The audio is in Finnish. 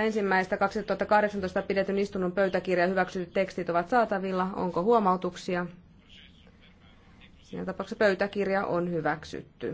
ensimmäistä 2018 pidetyn istunnon pöytäkirja hyväksytyt tekstit ovat saatavilla. Onko huomautuksia? Siinä tapauksessa pöytäkirja on hyväksytty.